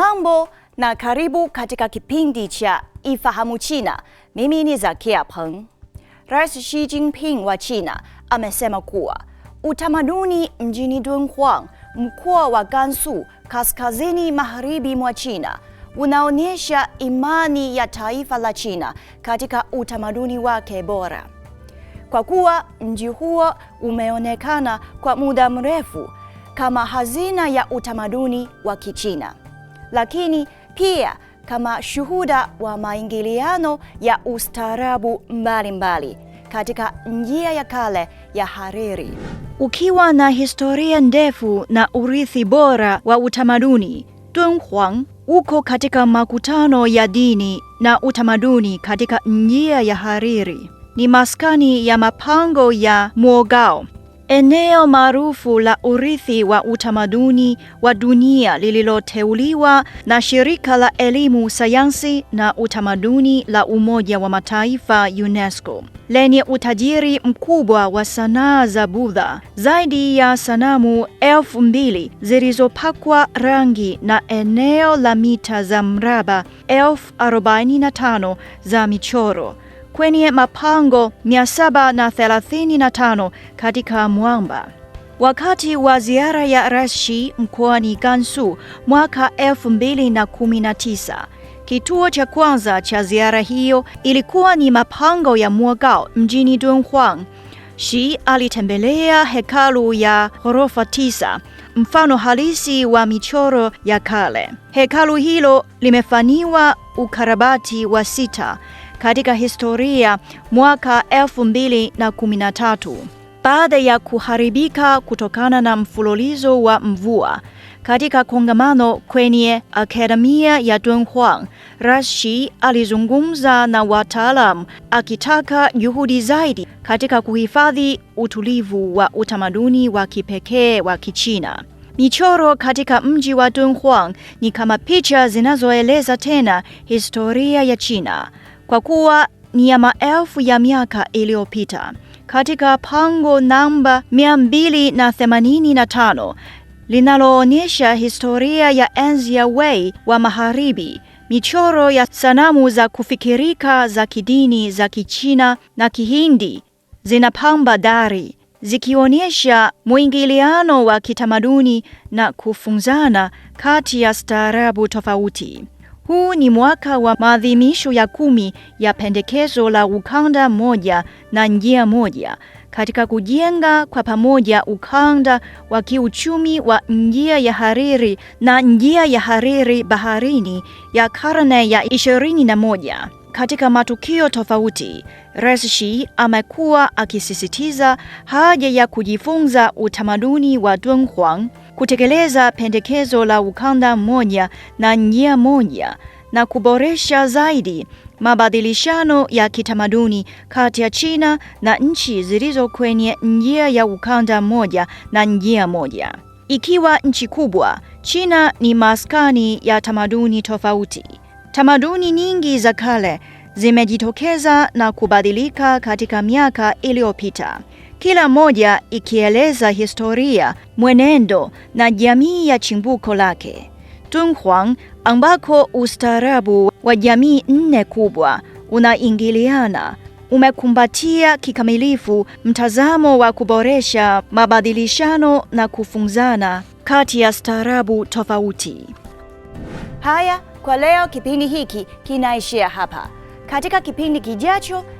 Mambo na karibu katika kipindi cha Ifahamu China. Mimi ni Zakia Peng. Rais Xi Jinping wa China amesema kuwa utamaduni mjini Dunhuang, mkoa wa Gansu, kaskazini magharibi mwa China, unaonyesha imani ya taifa la China katika utamaduni wake bora. Kwa kuwa mji huo umeonekana kwa muda mrefu kama hazina ya utamaduni wa Kichina lakini pia kama shuhuda wa maingiliano ya ustaarabu mbalimbali katika njia ya kale ya hariri. Ukiwa na historia ndefu na urithi bora wa utamaduni, Dunhuang uko katika makutano ya dini na utamaduni katika njia ya hariri. Ni maskani ya mapango ya Mwogao eneo maarufu la urithi wa utamaduni wa dunia lililoteuliwa na shirika la elimu, sayansi na utamaduni la Umoja wa Mataifa UNESCO, lenye utajiri mkubwa wa sanaa za Budha, zaidi ya sanamu elfu mbili zilizopakwa rangi na eneo la mita za mraba elfu arobaini na tano za michoro kwenye mapango 735 katika mwamba. Wakati wa ziara ya Rashi mkoani Gansu mwaka 2019, kituo cha kwanza cha ziara hiyo ilikuwa ni mapango ya Mogao mjini Dunhuang. Shi alitembelea hekalu ya ghorofa tisa, mfano halisi wa michoro ya kale. Hekalu hilo limefanyiwa ukarabati wa sita katika historia mwaka 2013 baada ya kuharibika kutokana na mfululizo wa mvua. Katika kongamano kwenye akademia ya Dunhuang, Rashi alizungumza na wataalam akitaka juhudi zaidi katika kuhifadhi utulivu wa utamaduni wa kipekee wa Kichina. Michoro katika mji wa Dunhuang ni kama picha zinazoeleza tena historia ya China kwa kuwa ni ya maelfu ya miaka iliyopita. Katika pango namba 285 linaloonyesha historia ya enzi ya Wei wa Magharibi, michoro ya sanamu za kufikirika za kidini za Kichina na Kihindi zinapamba dari zikionyesha mwingiliano wa kitamaduni na kufunzana kati ya staarabu tofauti. Huu ni mwaka wa maadhimisho ya kumi ya pendekezo la ukanda moja na njia moja katika kujenga kwa pamoja ukanda wa kiuchumi wa njia ya hariri na njia ya hariri baharini ya karne ya moja. Katika matukio tofauti, Rais Xi amekuwa akisisitiza haja ya kujifunza utamaduni wa Dunhuang kutekeleza pendekezo la ukanda mmoja na njia moja na kuboresha zaidi mabadilishano ya kitamaduni kati ya China na nchi zilizo kwenye njia ya ukanda mmoja na njia moja. Ikiwa nchi kubwa, China ni maskani ya tamaduni tofauti. Tamaduni nyingi za kale zimejitokeza na kubadilika katika miaka iliyopita kila moja ikieleza historia, mwenendo na jamii ya chimbuko lake. Dunhuang, ambako ustaarabu wa jamii nne kubwa unaingiliana, umekumbatia kikamilifu mtazamo wa kuboresha mabadilishano na kufunzana kati ya staarabu tofauti. Haya, kwa leo kipindi hiki kinaishia hapa. Katika kipindi kijacho